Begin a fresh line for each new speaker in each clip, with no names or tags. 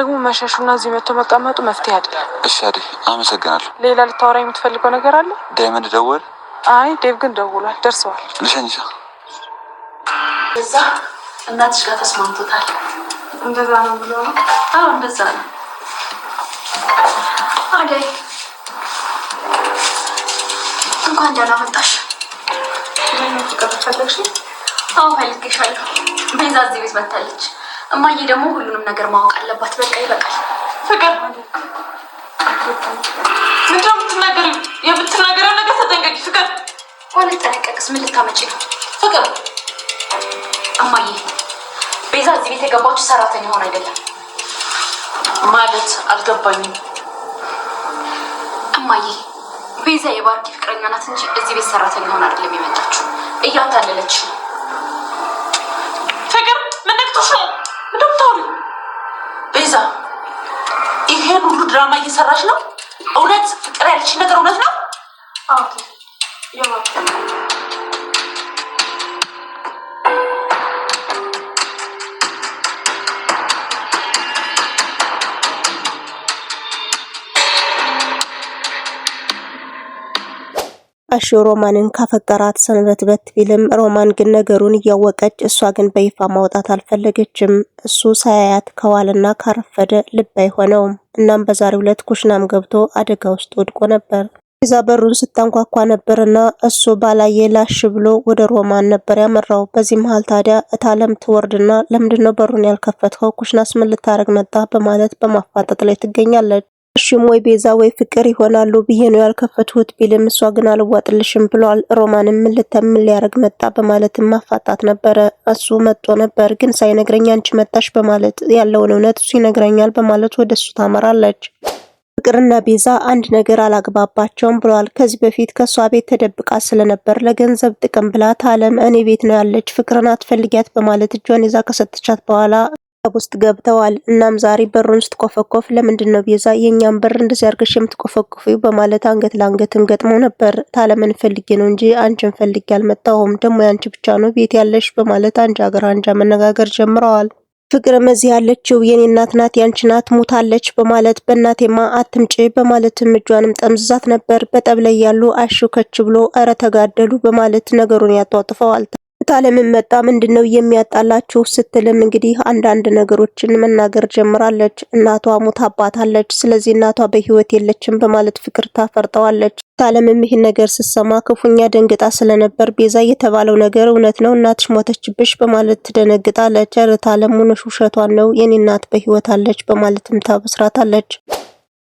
ደግሞ መሸሹና እዚህ መጥቶ መቀመጡ መፍትሄ አይደል?
እሺ አደይ አመሰግናለሁ።
ሌላ ልታወራ የምትፈልገው ነገር አለ?
ዳይመንድ ደወል?
አይ ዴቭ ግን ደውሏል፣ ደርሰዋል።
ልሸኝሻ።
እዛ እናትሽ ጋር ተስማምቶታል።
እንደዛ ነው ብሎ ነው?
አዎ እንደዛ ነው። አደይ እንኳን ደህና መጣሽ። ቀጥታለሽ? አዎ ፈልጌሻለሁ። ቤዛ እዚህ ቤት መታለች። እማዬ ደግሞ ሁሉንም ነገር ማወቅ አለባት። በቃ ይበቃል።
ፍቅር ምንድን ነው የምትናገሪው? ነገር ተጠንቀቂ ፍቅር።
ሆነ ጠነቀቅስ ምን ልታመጪ ነው? ፍቅር እማዬ፣ ቤዛ እዚህ ቤት የገባችው ሰራተኛ ሆን አይደለም
ማለት አልገባኝም።
እማዬ፣ ቤዛ የባርኪ ፍቅረኛ ናት እንጂ እዚህ ቤት ሰራተኛ ሆን አይደለም የመጣችው። እያታለለች ነው
ፍቅር። ምን ነክቶሽ ነው?
ይሄን ሁሉ ድራማ እየሰራች ነው። እውነት ፍቅር ያለች ነገር እውነት ነው።
ጋሼ ሮማንን ካፈቀራት በት ቢልም ሮማን ግን ነገሩን እያወቀች እሷ ግን በይፋ ማውጣት አልፈለገችም። እሱ ሳያያት ከዋልና ካረፈደ ልብ አይሆነውም። እናም በዛሬው ዕለት ኩሽናም ገብቶ አደጋ ውስጥ ወድቆ ነበር። ዛ በሩን ስታንኳኳ ነበርና እሱ ባላየ ላሽ ብሎ ወደ ሮማን ነበር ያመራው። በዚህ መሀል ታዲያ እታለም ትወርድና ለምንድነው በሩን ያልከፈትከው? ኩሽናስ ምን መጣ? በማለት በማፋጠጥ ላይ ትገኛለች። እሺም ወይ ቤዛ ወይ ፍቅር ይሆናሉ ብዬ ነው ያልከፈትሁት ቢልም እሷ ግን አልዋጥልሽም ብሏል። ሮማንም ልተም ሊያደርግ መጣ በማለትም ማፋጣት ነበረ። እሱ መጦ ነበር ግን ሳይነግረኝ አንቺ መጣሽ በማለት ያለውን እውነት እሱ ይነግረኛል በማለት ወደ እሱ ታመራለች። ፍቅርና ቤዛ አንድ ነገር አላግባባቸውም ብሏል። ከዚህ በፊት ከእሷ ቤት ተደብቃ ስለነበር ለገንዘብ ጥቅም ብላት አለም እኔ ቤት ነው ያለች ፍቅርን አትፈልጊያት በማለት እጇን ይዛ ከሰጠቻት በኋላ ሀሳብ ውስጥ ገብተዋል። እናም ዛሬ በሩን ስትቆፈቆፍ ለምንድን ነው ቤዛ የእኛም በር እንደዚህ አድርገሽ የምትኮፈኮፊው በማለት አንገት ለአንገትም ገጥሞ ነበር። ታለምን ፈልጌ ነው እንጂ አንቺን ፈልጌ አልመጣሁም፣ ደግሞ ያንቺ ብቻ ነው ቤት ያለሽ በማለት አንጃ ሀገር አንጃ መነጋገር ጀምረዋል። ፍቅርም እዚህ ያለችው የኔ እናት ናት፣ ያንቺ ናት፣ ሞታለች በማለት በእናቴማ አትምጪ በማለትም እጇንም ጠምዝዛት ነበር። በጠብ ላይ ያሉ አሹከች ብሎ እረ ተጋደሉ በማለት ነገሩን ያጧጥፈዋል። ቦታ ለምን መጣ? ምንድን ነው የሚያጣላችሁ? ስትልም እንግዲህ አንዳንድ ነገሮችን መናገር ጀምራለች። እናቷ አባታለች፣ ስለዚህ እናቷ በህይወት የለችም በማለት ፍቅር ታፈርጠዋለች። ታለምም ይህን ነገር ስትሰማ ክፉኛ ደንግጣ ስለነበር ቤዛ የተባለው ነገር እውነት ነው እናትሽ ሞተችብሽ በማለት ትደነግጣለች። ርታ አለም ውሸቷን ነው የኔ እናት በህይወት አለች በማለትም ታበስራታለች።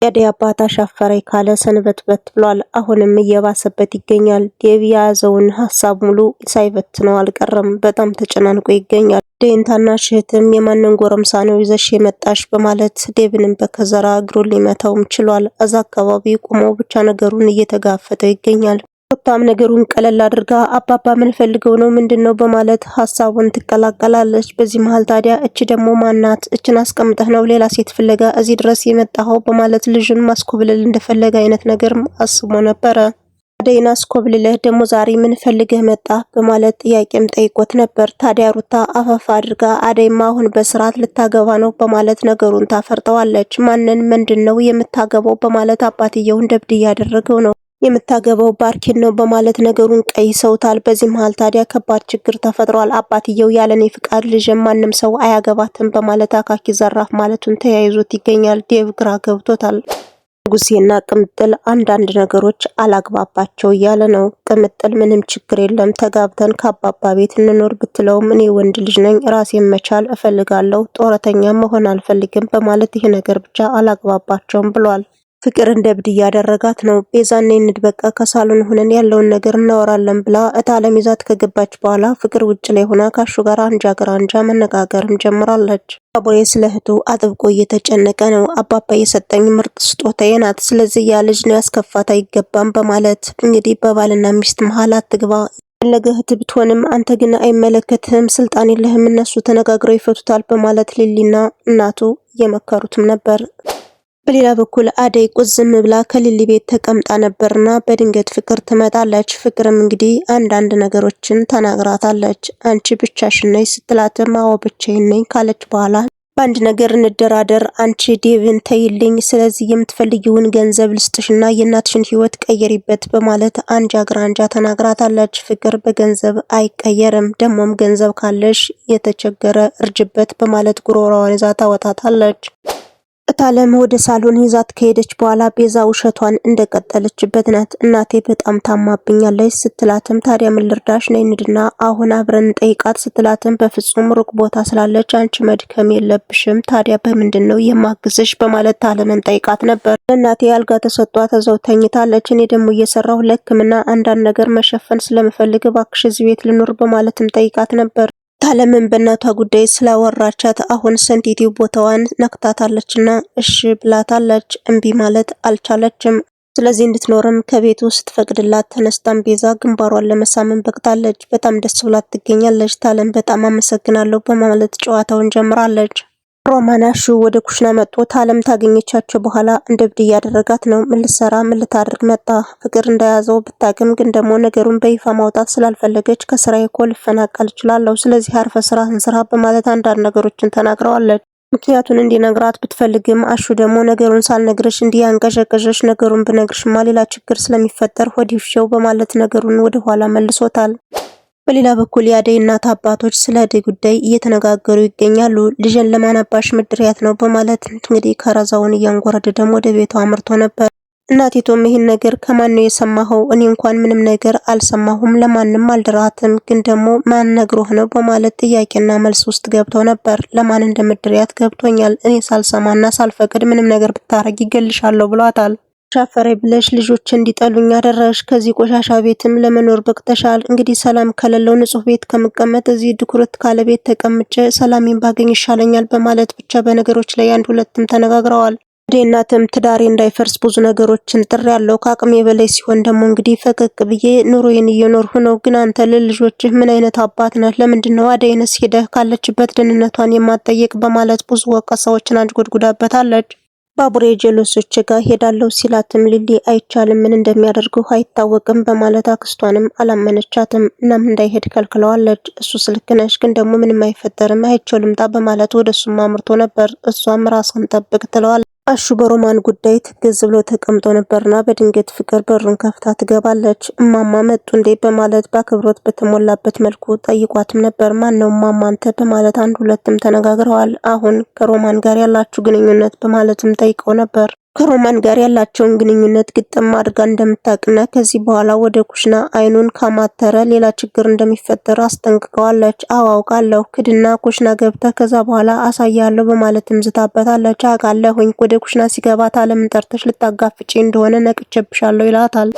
የአደይ አባት አሻፈረኝ ካለ ሰንበትበት ብሏል። አሁንም እየባሰበት ይገኛል። ዴቭ የያዘውን ሀሳብ ሙሉ ሳይበትነው አልቀረም። በጣም ተጨናንቆ ይገኛል። ደንታና ሽህትም የማንን ጎረምሳ ነው ይዘሽ የመጣሽ በማለት ዴቭንም በከዘራ እግሩን ሊመታውም ችሏል። እዛ አካባቢ ቆሞ ብቻ ነገሩን እየተጋፈጠው ይገኛል። ሩታም ነገሩን ቀለል አድርጋ አባባ ምን ፈልገው ነው ምንድን ነው በማለት ሀሳቡን ትቀላቀላለች። በዚህ መሀል ታዲያ እች ደግሞ ማናት? እችን አስቀምጠህ ነው ሌላ ሴት ፍለጋ እዚህ ድረስ የመጣኸው በማለት ልጁን ማስኮብለል እንደፈለገ አይነት ነገር አስቦ ነበረ። አደይን አስኮብልለህ ደግሞ ዛሬ ምን ፈልገህ መጣ በማለት ጥያቄም ጠይቆት ነበር። ታዲያ ሩታ አፈፋ አድርጋ አደይማ አሁን በስርዓት ልታገባ ነው በማለት ነገሩን ታፈርጠዋለች። ማንን ምንድን ነው የምታገባው በማለት አባትየውን ደብድ እያደረገው ነው የምታገባው ባርኬን ነው በማለት ነገሩን ቀይሰውታል። በዚህ መሀል ታዲያ ከባድ ችግር ተፈጥሯል። አባትየው ያለኔ ፍቃድ ልጅ ማንም ሰው አያገባትም በማለት አካኪ ዘራፍ ማለቱን ተያይዞት ይገኛል። ዴቭ ግራ ገብቶታል። ንጉሴና ቅምጥል አንዳንድ ነገሮች አላግባባቸው እያለ ነው። ቅምጥል ምንም ችግር የለም ተጋብተን ከአባባ ቤት እንኖር ብትለውም እኔ ወንድ ልጅ ነኝ ራሴን መቻል እፈልጋለሁ፣ ጦረተኛ መሆን አልፈልግም በማለት ይህ ነገር ብቻ አላግባባቸውም ብሏል። ፍቅር እንደ እብድ እያደረጋት ነው። ቤዛኔ እንድበቃ በቃ ከሳሎን ሆነን ያለውን ነገር እናወራለን ብላ እታለም ይዛት ከገባች በኋላ ፍቅር ውጭ ላይ ሆና ካሹ ጋር አንጃ ግራ አንጃ መነጋገርም ጀምራለች። አቡሬ ስለ እህቱ አጥብቆ እየተጨነቀ ነው። አባባ የሰጠኝ ምርጥ ስጦታዬ ናት፣ ስለዚህ ያ ልጅ ነው ያስከፋት አይገባም በማለት እንግዲህ በባልና ሚስት መሀል አትግባ ፈለገህት ብትሆንም አንተ ግን አይመለከትህም፣ ስልጣን የለህም፣ እነሱ ተነጋግረው ይፈቱታል በማለት ሊሊና እናቱ እየመከሩትም ነበር። በሌላ በኩል አደይ ቁዝም ብላ ከሊሊ ቤት ተቀምጣ ነበርና በድንገት ፍቅር ትመጣለች። ፍቅርም እንግዲህ አንዳንድ ነገሮችን ተናግራታለች። አንቺ ብቻሽን ነኝ ስትላትም አዎ ብቻዬን ነኝ ካለች በኋላ በአንድ ነገር እንደራደር፣ አንቺ ዴቭን ተይልኝ፣ ስለዚህ የምትፈልጊውን ገንዘብ ልስጥሽና የእናትሽን ህይወት ቀየሪበት በማለት አንጃ ግራንጃ ተናግራታለች። ፍቅር በገንዘብ አይቀየርም፣ ደግሞም ገንዘብ ካለሽ የተቸገረ እርጅበት በማለት ጉሮሯዋን ይዛ ታወጣታለች። እታለም ወደ ሳሎን ይዛት ከሄደች በኋላ ቤዛ ውሸቷን እንደቀጠለችበት ናት። እናቴ በጣም ታማብኛለች ስትላትም ታዲያ ምን ልርዳሽ ነይ አሁን አብረን ጠይቃት ስትላትም በፍጹም ሩቅ ቦታ ስላለች አንቺ መድከም የለብሽም ታዲያ በምንድን ነው የማግዝሽ በማለት ታለምን ጠይቃት ነበር። እናቴ አልጋ ተሰጧ ተዘው ተኝታለች። እኔ ደግሞ እየሰራሁ ለሕክምና አንዳንድ ነገር መሸፈን ስለምፈልግ እባክሽ እዚህ ቤት ልኑር በማለትም ጠይቃት ነበር። በእናቷ ጉዳይ ስላወራቻት አሁን ሰንቲቲው ቦታዋን ነክታታለችና እሺ ብላታለች። እምቢ ማለት አልቻለችም። ስለዚህ እንድትኖርም ከቤቱ ስትፈቅድላት ተነስታን ቤዛ ግንባሯን ለመሳመን በቅታለች። በጣም ደስ ብላት ትገኛለች። ታለም በጣም አመሰግናለሁ በማለት ጨዋታውን ጀምራለች። ሮማን ያሹ ወደ ኩሽና መጥቶ ታለም ታገኘቻቸው በኋላ እንደ እብድ እያደረጋት ነው። ምን ልሰራ ምን ልታደርግ መጣ? ፍቅር እንደያዘው ብታቅም ግን ደግሞ ነገሩን በይፋ ማውጣት ስላልፈለገች ከስራ እኮ ልፈናቀል እችላለሁ፣ ስለዚህ አርፈ ስራ ስራ በማለት አንዳንድ ነገሮችን ተናግረዋለች። ምክንያቱን እንዲነግራት ብትፈልግም አሹ ደግሞ ነገሩን ሳልነግርሽ እንዲያንቀዠቀዠሽ ነገሩን ብነግርሽማ ሌላ ችግር ስለሚፈጠር ወዲሽው በማለት ነገሩን ወደኋላ መልሶታል። በሌላ በኩል የአደይ እናት አባቶች ስለ አደይ ጉዳይ እየተነጋገሩ ይገኛሉ። ልጅን ለማን ምድርያት ነው በማለት እንግዲህ ከረዛውን እያንጎረደደም ወደ ቤቷ አምርቶ ነበር። እናቲቱም ይህን ነገር ከማን ነው የሰማኸው? እኔ እንኳን ምንም ነገር አልሰማሁም፣ ለማንም አልድራትም። ግን ደግሞ ማን ነግሮህ ነው በማለት ጥያቄና መልስ ውስጥ ገብተው ነበር። ለማን እንደምድሪያት ገብቶኛል። እኔ ሳልሰማና ሳልፈቅድ ምንም ነገር ብታረግ ይገልሻለሁ ብሏታል። ሻፈረኝ ብለሽ ልጆች እንዲጠሉኝ አደረሽ። ከዚህ ቆሻሻ ቤትም ለመኖር በቅተሻል። እንግዲህ ሰላም ከሌለው ንጹህ ቤት ከመቀመጥ እዚህ ድኩርት ካለ ቤት ተቀምጬ ሰላሜን ባገኝ ይሻለኛል በማለት ብቻ በነገሮች ላይ አንድ ሁለትም ተነጋግረዋል። እዴ እናትም ትዳሬ እንዳይፈርስ ብዙ ነገሮችን ጥሪ ያለው ከአቅሜ በላይ ሲሆን ደግሞ እንግዲህ ፈቀቅ ብዬ ኑሮዬን እየኖርሁ ነው። ግን አንተ ለልጆችህ ምን አይነት አባት ነህ? ለምንድን ነው አደይንስ ሄደህ ካለችበት ደህንነቷን የማጠየቅ? በማለት ብዙ ወቀሳዎችን አንጎድጉዳበታለች። ባቡሬ ጀሎሶች ጋር ሄዳለሁ ሲላትም ሊሊ አይቻልም ምን እንደሚያደርገው አይታወቅም በማለት አክስቷንም አላመነቻትም። እናም እንዳይሄድ ከልክለዋለች። እሱ ስልክ ነሽ ግን ደግሞ ምንም አይፈጠርም አይቼው ልምጣ በማለት ወደ እሱም አምርቶ ነበር። እሷም ራሷን ጠብቅ ትለዋል። አሹ በሮማን ጉዳይ ትግዝ ብሎ ተቀምጦ ነበርና በድንገት ፍቅር በሩን ከፍታ ትገባለች። እማማ መጡ እንዴ በማለት በአክብሮት በተሞላበት መልኩ ጠይቋትም ነበር። ነው እማማ አንተ በማለት አንድ ሁለትም ተነጋግረዋል። አሁን ከሮማን ጋር ያላችሁ ግንኙነት በማለትም ጠይቀው ነበር። ከሮማን ጋር ያላቸውን ግንኙነት ግጥም አድርጋ እንደምታውቅና ከዚህ በኋላ ወደ ኩሽና አይኑን ካማተረ ሌላ ችግር እንደሚፈጠር አስጠንቅቀዋለች። አዎ አውቃለሁ፣ ክድና ኩሽና ገብተ ከዛ በኋላ አሳያለሁ በማለትም ዝታበታለች። አውቃለሁኝ ወደ ኩሽና ሲገባ አለምን ጠርተሽ ልታጋፍጪ እንደሆነ ነቅቼብሻለሁ ይላታል።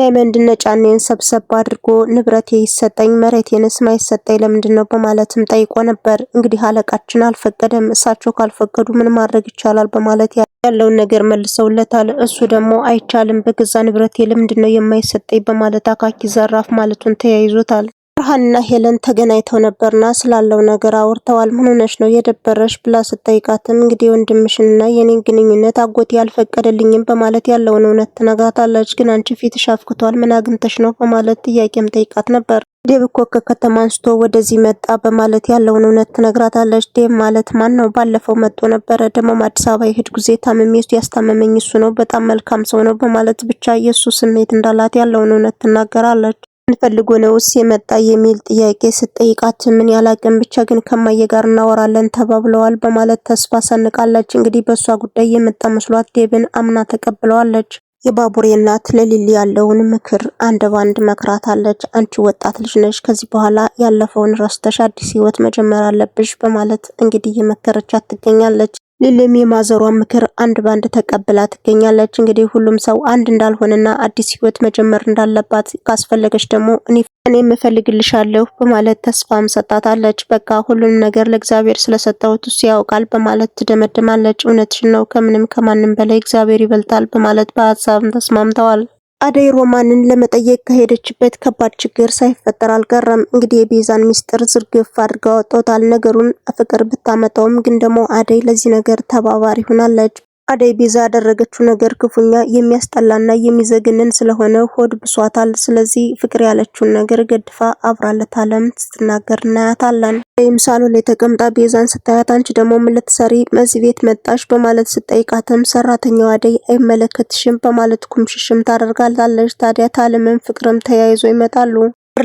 ዳይመንድ እነ ጫኔን ሰብሰብ አድርጎ ንብረቴ ይሰጠኝ መሬቴንስ ማይሰጠኝ ለምንድን ነው በማለትም ጠይቆ ነበር። እንግዲህ አለቃችን አልፈቀደም፣ እሳቸው ካልፈቀዱ ምን ማድረግ ይቻላል በማለት ያለውን ነገር መልሰውለታል። እሱ ደግሞ አይቻልም፣ በገዛ ንብረቴ ለምንድን ነው የማይሰጠኝ በማለት አካኪ ዘራፍ ማለቱን ተያይዞታል። ብርሃንና ሄለን ተገናኝተው ነበርና ስላለው ነገር አውርተዋል። ምን ሆነሽ ነው የደበረሽ ብላ ስጠይቃትም እንግዲህ ወንድምሽንና የኔን ግንኙነት አጎቴ አልፈቀደልኝም በማለት ያለውን እውነት ትነግራታለች። ግን አንቺ ፊትሽ አፍክቷል፣ ምን አግኝተሽ ነው በማለት ጥያቄም ጠይቃት ነበር። ዴብ እኮ ከከተማ አንስቶ ወደዚህ መጣ በማለት ያለውን እውነት ትነግራታለች። ዴብ ማለት ማን ነው? ባለፈው መጥቶ ነበረ። ደግሞም አዲስ አበባ የሄድ ጊዜ ታምሜ ያስታመመኝ እሱ ነው፣ በጣም መልካም ሰው ነው በማለት ብቻ የእሱ ስሜት እንዳላት ያለውን እውነት ትናገራለች። ምን ፈልጎ ነውስ የመጣ የሚል ጥያቄ ስጠይቃት ምን ያህል ብቻ ግን ከማየ ጋር እናወራለን ተባብለዋል በማለት ተስፋ ሰንቃለች። እንግዲህ በእሷ ጉዳይ የመጣ መስሏት ዴብን አምና ተቀብለዋለች። የባቡሬ እናት ለሊሊ ያለውን ምክር አንድ ባንድ መክራታለች። አንቺ ወጣት ልጅ ነሽ፣ ከዚህ በኋላ ያለፈውን ረስተሽ አዲስ ህይወት መጀመር አለብሽ በማለት እንግዲህ የመከረቻት ትገኛለች። ሊሊም የማዘሯን ምክር አንድ ባንድ ተቀብላ ትገኛለች። እንግዲህ ሁሉም ሰው አንድ እንዳልሆነና አዲስ ህይወት መጀመር እንዳለባት ካስፈለገች ደግሞ እኔ የምፈልግልሻለሁ በማለት ተስፋም ሰጣታለች። በቃ ሁሉንም ነገር ለእግዚአብሔር ስለሰጠሁት እሱ ያውቃል በማለት ትደመድማለች። እውነትሽን ነው፣ ከምንም ከማንም በላይ እግዚአብሔር ይበልጣል በማለት በሀሳብም ተስማምተዋል። አደይ ሮማንን ለመጠየቅ ከሄደችበት ከባድ ችግር ሳይፈጠር አልቀረም። እንግዲህ የቤዛን ሚስጥር ዝርግፍ አድርጋ ወጦታል። ነገሩን ፍቅር ብታመጣውም ግን ደግሞ አደይ ለዚህ ነገር ተባባሪ ሆናለች። አደይ ቤዛ ያደረገችው ነገር ክፉኛ የሚያስጠላና የሚዘግንን ስለሆነ ሆድ ብሷታል። ስለዚህ ፍቅር ያለችውን ነገር ገድፋ አብራለት አለም ስትናገር እናያታለን። ወይም ሳሎን ላይ ተቀምጣ ቤዛን ስታያት አንቺ ደግሞ ምን ልትሰሪ እዚህ ቤት መጣሽ? በማለት ስጠይቃትም ሰራተኛ አደይ አይመለከትሽም በማለት ኩምሽሽም ታደርጋታለች። ታዲያ ታለምም ፍቅርም ተያይዞ ይመጣሉ።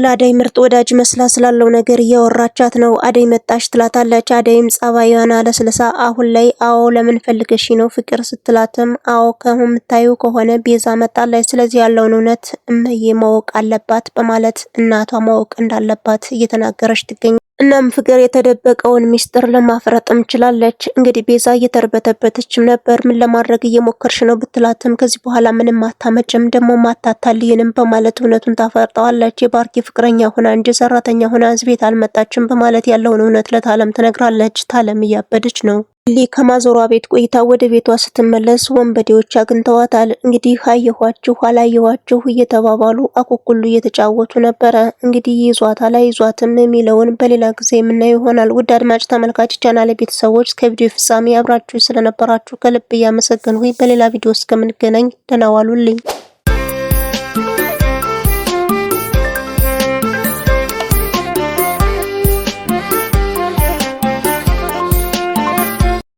ለአደይ ምርጥ ወዳጅ መስላ ስላለው ነገር እያወራቻት ነው። አደይ መጣሽ ትላታለች። አደይም ጸባይዋን አለስልሳ አሁን ላይ አዎ ለምን ፈልገሽ ነው ፍቅር ስትላትም አዎ ከምታዩ ከሆነ ቤዛ መጣለች፣ ስለዚህ ያለውን እውነት እምዬ ማወቅ አለባት በማለት እናቷ ማወቅ እንዳለባት እየተናገረች ትገኛለች። እናም ፍቅር የተደበቀውን ሚስጥር ለማፍረጥም ችላለች። እንግዲህ ቤዛ እየተርበተበተችም ነበር። ምን ለማድረግ እየሞከርሽ ነው ብትላትም ከዚህ በኋላ ምንም አታመጭም ደግሞ ማታታልይንም በማለት እውነቱን ታፈርጠዋለች። የባርኪ ፍቅረኛ ሆና እንጂ ሰራተኛ ሆና እዚህ ቤት አልመጣችም በማለት ያለውን እውነት ለታለም ትነግራለች። ታለም እያበደች ነው። ሊሊ ከማዞሯ ቤት ቆይታ ወደ ቤቷ ስትመለስ ወንበዴዎች አግኝተዋታል። እንግዲህ አየኋችሁ አላየኋችሁ እየተባባሉ አኩኩሉ እየተጫወቱ ነበረ። እንግዲህ ይዟታል አይዟትም የሚለውን በሌላ ጊዜ የምናየው ይሆናል። ውድ አድማጭ ተመልካች፣ ቻናል ቤተሰቦች ከቪዲዮ ፍጻሜ አብራችሁ ስለነበራችሁ ከልብ እያመሰገንሁኝ በሌላ ቪዲዮ እስከምንገናኝ ደህና ዋሉልኝ።